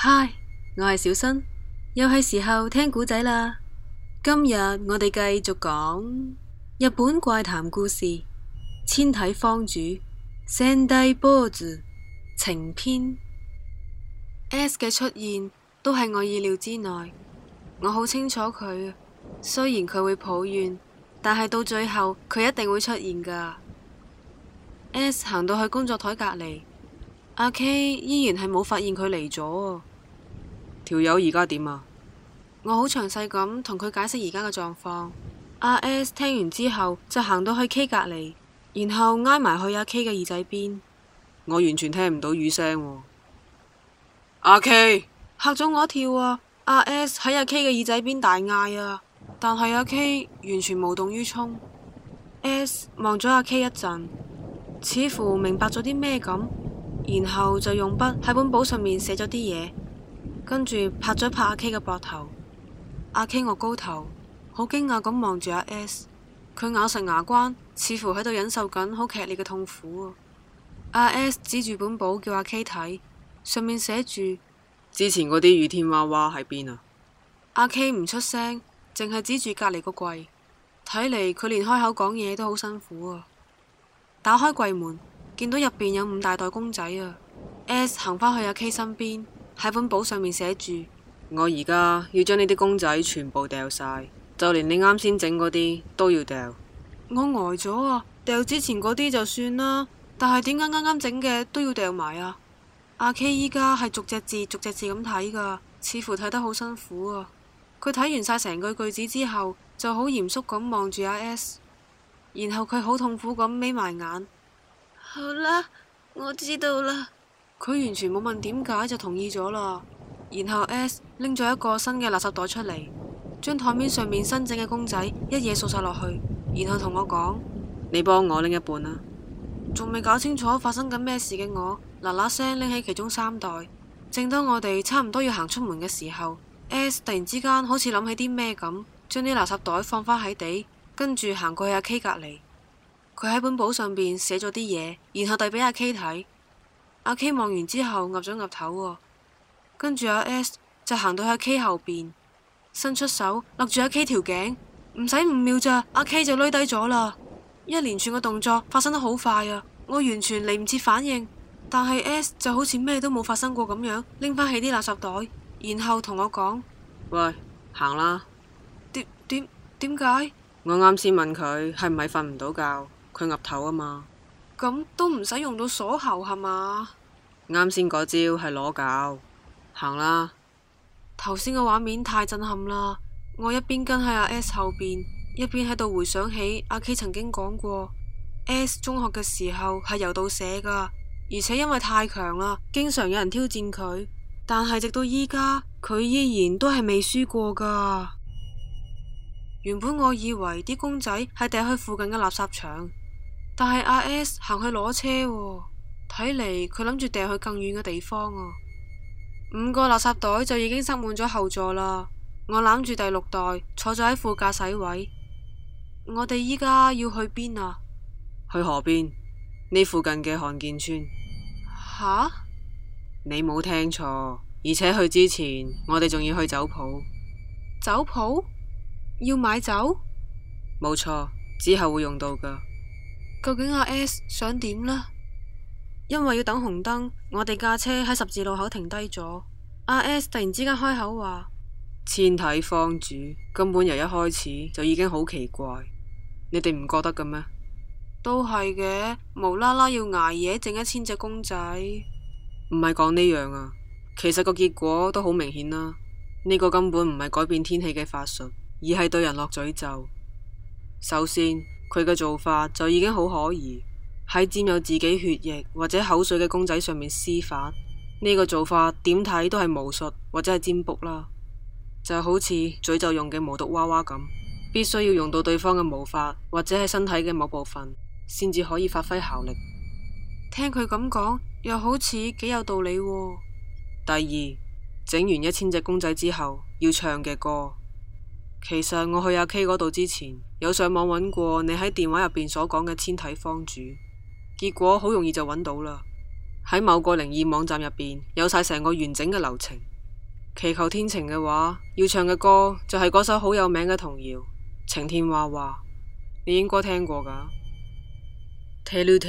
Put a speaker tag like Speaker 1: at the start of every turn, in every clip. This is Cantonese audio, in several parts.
Speaker 1: 嗨，Hi，我係小新，又係時候聽古仔啦。今日我哋繼續講日本怪談故事《千體坊主》。聲低波住，晴篇 S 嘅出現都係我意料之內。我好清楚佢，雖然佢會抱怨，但係到最後佢一定會出現噶。S 行到去工作台隔籬，阿 K 依然係冇發現佢嚟咗。條友而家點啊？我好詳細咁同佢解釋而家嘅狀況。阿 S 聽完之後就行到去 K 隔籬，然後挨埋去阿、啊、K 嘅耳仔邊。我完全聽唔到雨聲，哦。阿、啊、K 嚇咗我一跳啊！阿、啊、S 喺阿、啊、K 嘅耳仔邊大嗌啊，但係阿、啊、K 完全無動於衷。S 望咗阿 K 一陣，似乎明白咗啲咩咁，然後就用筆喺本簿上面寫咗啲嘢。跟住拍咗拍阿 K 嘅膊頭，阿 K 我高頭，好驚訝咁望住阿 S，佢咬實牙關，似乎喺度忍受緊好劇烈嘅痛苦啊！阿 S 指住本簿叫阿 K 睇，上面寫住：之前嗰啲雨天娃娃喺邊啊！阿 K 唔出聲，淨係指住隔籬個櫃，睇嚟佢連開口講嘢都好辛苦啊！打開櫃門，見到入邊有五大袋公仔啊！S 行返去阿 K 身邊。喺本簿上面寫住，我而家要將呢啲公仔全部掉晒，就連你啱先整嗰啲都要掉。我呆咗啊！掉之前嗰啲就算啦，但係點解啱啱整嘅都要掉埋啊？阿 K 依家係逐隻字逐隻字咁睇噶，似乎睇得好辛苦啊！佢睇完晒成句句子之後，就好嚴肅咁望住阿 S，然後佢好痛苦咁眯埋眼。好啦，我知道啦。佢完全冇問點解就同意咗啦，然後 s 拎咗一個新嘅垃圾袋出嚟，將台面上面新整嘅公仔一嘢掃晒落去，然後同我講：你幫我拎一半啦，啊。仲未搞清楚發生緊咩事嘅我，嗱嗱聲拎起其中三袋。正當我哋差唔多要行出門嘅時候，s 突然之間好似諗起啲咩咁，將啲垃圾袋放返喺地，跟住行過去阿 K 隔籬，佢喺本簿上邊寫咗啲嘢，然後遞俾阿 K 睇。阿 K 望完之後，岌咗岌頭喎，跟住阿 S 就行到阿 K 後邊，伸出手勒住阿 K 條頸，唔使五秒咋，阿 K 就攣低咗啦。一連串嘅動作發生得好快啊，我完全嚟唔切反應，但係 S 就好似咩都冇發生過咁樣，拎返起啲垃圾袋，然後同我講：喂，行啦。點點點解？我啱先問佢係唔係瞓唔到覺，佢岌頭啊嘛。咁都唔使用到鎖喉係嘛？啱先嗰招係攞教，行啦。頭先嘅畫面太震撼啦，我一邊跟喺阿 S 後邊，一邊喺度回想起阿 K 曾經講過，S 中學嘅時候係柔道社噶，而且因為太強啦，經常有人挑戰佢，但係直到依家佢依然都係未輸過噶。原本我以為啲公仔係掟去附近嘅垃圾場，但係阿 S 行去攞車啊。睇嚟佢諗住掟去更遠嘅地方啊！五個垃圾袋就已經塞滿咗後座啦。我攬住第六袋，坐咗喺副駕駛位。我哋依家要去邊啊？去河邊呢附近嘅漢建村。吓？你冇聽錯，而且去之前，我哋仲要去酒鋪。酒鋪？要買酒？冇錯，之後會用到噶。究竟阿 S 想點呢？因為要等紅燈，我哋架車喺十字路口停低咗。阿 S 突然之間開口話：千體坊主根本由一開始就已經好奇怪，你哋唔覺得嘅咩？都係嘅，無啦啦要捱夜整一千隻公仔。唔係講呢樣啊，其實個結果都好明顯啦、啊。呢、呢個根本唔係改變天氣嘅法術，而係對人落詛咒。首先，佢嘅做法就已經好可疑。喺沾有自己血液或者口水嘅公仔上面施法，呢、呢個做法點睇都係巫術或者係占卜啦，就係，好似詛咒用嘅巫毒娃娃咁，必須要用到對方嘅毛髮或者係身體嘅某部分，先至可以發揮效力。聽佢咁講，又好似幾有道理，哦。第二，整完一千隻公仔之後要唱嘅歌，其實我去阿 K 嗰度之前，有上網揾過你喺電話入邊所講嘅千體坊主。結果好容易就揾到喇。喺某個靈異網站入邊，有晒成個完整嘅流程。祈求天晴嘅話，要唱嘅歌就係嗰首好有名嘅童謠《晴天娃娃》，你應該聽過噶。照照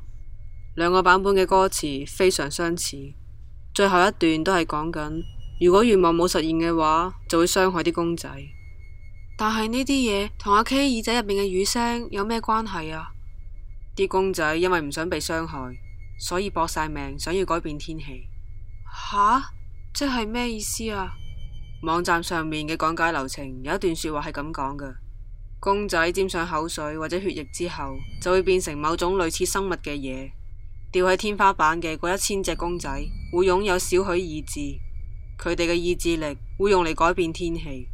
Speaker 1: 兩個版本嘅歌詞非常相似，最後一段都係講緊如果願望冇實現嘅話，就會傷害啲公仔。但係呢啲嘢同阿 K 耳仔入邊嘅雨聲有咩關係啊？啲公仔因為唔想被傷害，所以搏晒命想要改變天氣。吓，即係咩意思啊？網站上面嘅講解流程有一段說話係咁講嘅：公仔沾上口水或者血液之後，就會變成某種類似生物嘅嘢。吊喺天花板嘅嗰一千隻公仔會擁有少許意志，佢哋嘅意志力會用嚟改變天氣。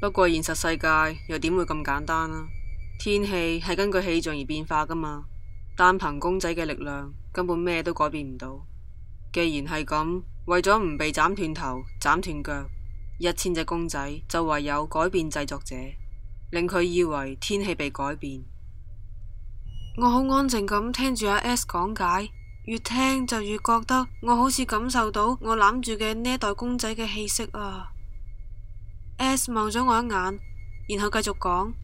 Speaker 1: 不過現實世界又點會咁簡單啊？天氣係根據氣象而變化噶嘛，單憑公仔嘅力量根本咩都改變唔到。既然係咁，為咗唔被斬斷頭、斬斷腳，一千隻公仔就唯有改變製作者，令佢以為天氣被改變。我好安靜咁聽住阿 S 講解，越聽就越覺得我好似感受到我攬住嘅呢袋公仔嘅氣息啊！S 望咗我一眼，然後繼續講：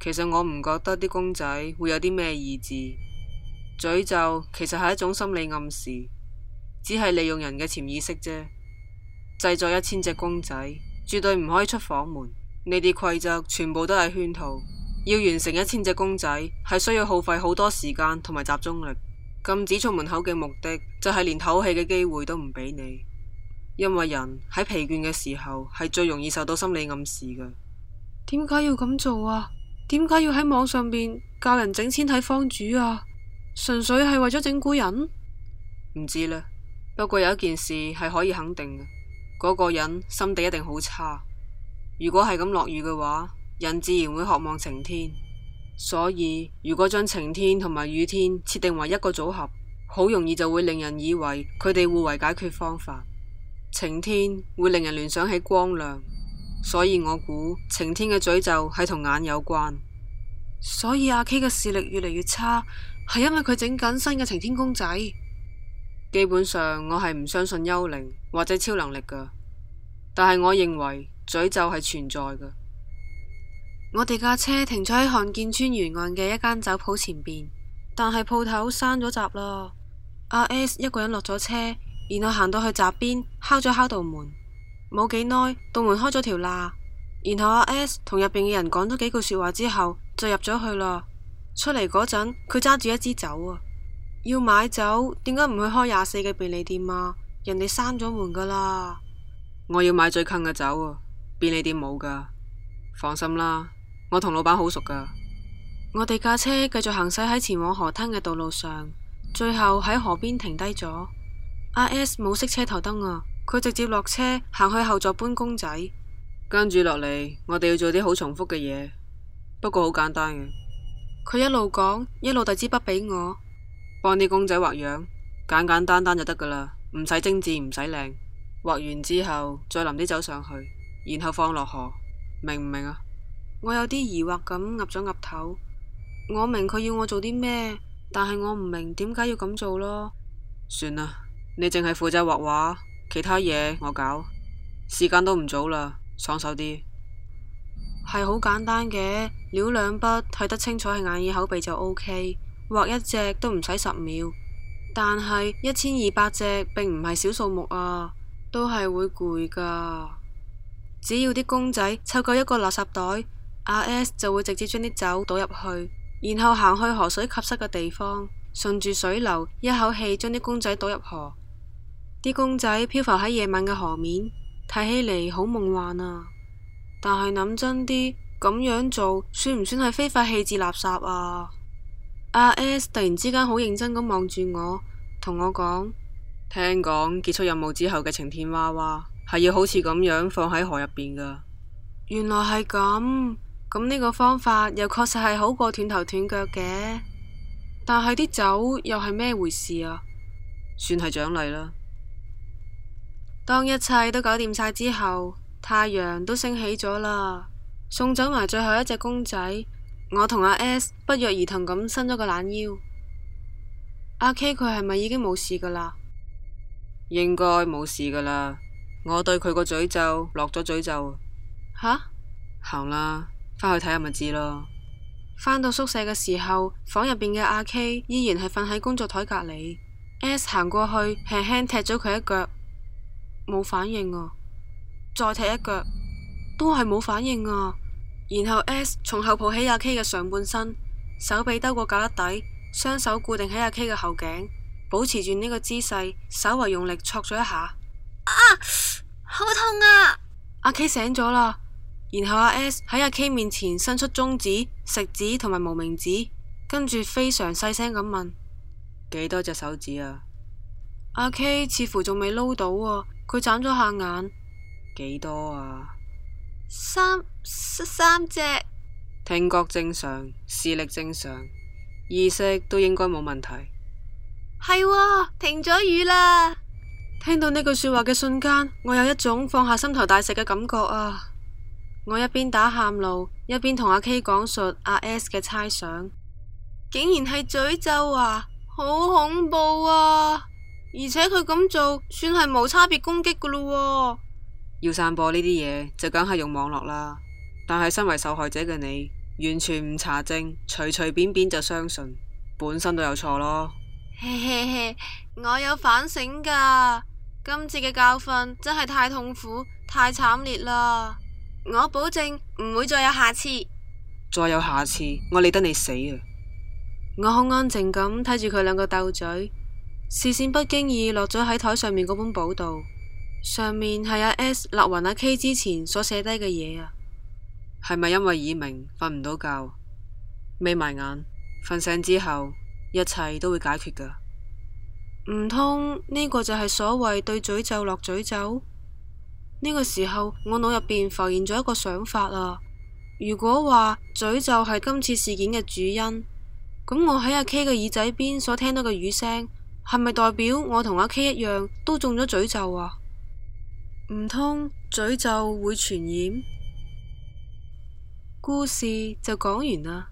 Speaker 1: 其實我唔覺得啲公仔會有啲咩意志，詛咒其實係一種心理暗示，只係利用人嘅潛意識啫。製作一千隻公仔，絕對唔可以出房門，呢啲規則全部都係圈套。要完成一千隻公仔，係需要耗費好多時間同埋集中力。禁止出門口嘅目的就係連唞氣嘅機會都唔俾你因為人喺疲倦嘅時候係最容易受到心理暗示嘅。點解要咁做啊？點解要喺網上邊教人整千體坊主啊？純粹係為咗整蠱人？唔知呢。不過有一件事係可以肯定嘅，嗰個人心地一定好差。如果係咁落雨嘅話。人自然會渴望晴天，所以如果將晴天同埋雨天設定為一個組合，好容易就會令人以為佢哋互為解決方法。晴天會令人聯想起光亮，所以我估晴天嘅詛咒係同眼有關。所以阿 K 嘅視力越嚟越差，係因為佢整緊新嘅晴天公仔。基本上，我係唔相信幽靈或者超能力㗎，但係我認為詛咒係存在㗎。我哋架車停咗喺漢建村沿岸嘅一間酒鋪前邊，但係鋪頭閂咗閘啦。阿 S 一個人落咗車，然後行到去閘邊敲咗敲道門，冇幾耐道門開咗條罅，然後阿 S 同入邊嘅人講咗幾句說話之後就入咗去啦。出嚟嗰陣，佢揸住一支酒啊，要買酒點解唔去開廿四嘅便利店啊？人哋閂咗門噶啦，我要買最近嘅酒啊，便利店冇噶，放心啦。我同老闆好熟噶。我哋架車繼續行駛喺前往河灘嘅道路上，最後喺河邊停低咗。阿 S 冇熄車頭燈啊，佢直接落車行去後座搬公仔。跟住落嚟，我哋要做啲好重複嘅嘢，不過好簡單嘅。佢一路講，一路遞支筆俾我，幫啲公仔畫樣，簡簡單單單就得噶啦，唔使精緻，唔使靚。畫完之後再淋啲酒上去，然後放落河，明唔明啊？我有啲疑惑咁，岌咗岌頭。我明佢要我做啲咩，但係我唔明點解要咁做咯。算啦，你淨係負責畫畫，其他嘢我搞。時間都唔早啦，爽手啲。係好簡單嘅，撩兩筆，睇得清楚係眼耳口鼻就 OK。畫一隻都唔使十秒，但係一千二百隻並唔係小數目啊，都係會攰噶。只要啲公仔湊夠一個垃圾袋。阿 S 就會直接將啲酒倒入去，然後行去河水吸濕嘅地方，順住水流一口氣將啲公仔倒入河。啲公仔漂浮喺夜晚嘅河面，睇起嚟好夢幻啊！但係諗真啲，咁樣做算唔算係非法棄置垃圾啊？阿 S 突然之間好認真咁望住我，同我講：聽講結束任務之後嘅晴天娃娃係要好似咁樣放喺河入邊噶。原來係咁。咁呢個方法又確實係好過斷頭斷腳嘅，但係啲酒又係咩回事啊？算係獎勵啦。當一切都搞掂晒之後，太陽都升起咗啦。送走埋最後一隻公仔，我同阿 S 不約而同咁伸咗個懶腰。阿 K 佢係咪已經冇事噶啦？應該冇事噶啦，我對佢個詛咒落咗詛咒，吓？行啦。返去睇下咪知咯。返到宿舍嘅時候，房入邊嘅阿 K 依然係瞓喺工作台隔籬。S 行過去，輕輕踢咗佢一腳，冇反應啊。再踢一腳，都係冇反應啊。然後 S 從後抱起阿 K 嘅上半身，手臂兜過架底，雙手固定喺阿 K 嘅後頸，保持住呢個姿勢，稍為用力戳咗一下。啊，好痛啊！阿 K 醒咗啦。然後阿 S 喺阿 K 面前伸出中指、食指同埋無名指，跟住非常細聲咁問：幾多隻手指啊？阿 K 似乎仲未撈到啊，佢眨咗下眼。幾多啊？三三隻。聽覺正常，視力正常，意識都應該冇問題。係喎，停咗雨啦！聽到呢句說話嘅瞬間，我有一種放下心頭大石嘅感覺啊！我一邊打喊路，一邊同阿 K 講述阿 S 嘅猜想，竟然係詛咒啊！好恐怖啊！而且佢咁做算係冇差別攻擊噶咯。要散播呢啲嘢就梗係用網絡啦。但係身為受害者嘅你，完全唔查證，隨隨便便就相信，本身都有錯咯。嘿嘿嘿，我有反省噶。今次嘅教訓真係太痛苦、太慘烈啦。我保證唔會再有下次，再有下次我理得你死啊！我好安靜咁睇住佢兩個鬥嘴，視線不經意落咗喺台上面嗰本簿度，上面係阿 S 立云阿 K 之前所寫低嘅嘢啊。係咪因為耳鳴瞓唔到覺，眯埋眼瞓醒之後一切都會解決㗎？唔通呢個就係所謂對嘴就落嘴走？呢個時候，我腦入邊浮現咗一個想法啊！如果話詛咒係今次事件嘅主因，咁我喺阿 K 嘅耳仔邊所聽到嘅雨聲，係咪代表我同阿 K 一樣都中咗詛咒啊？唔通詛咒會傳染？故事就講完啦。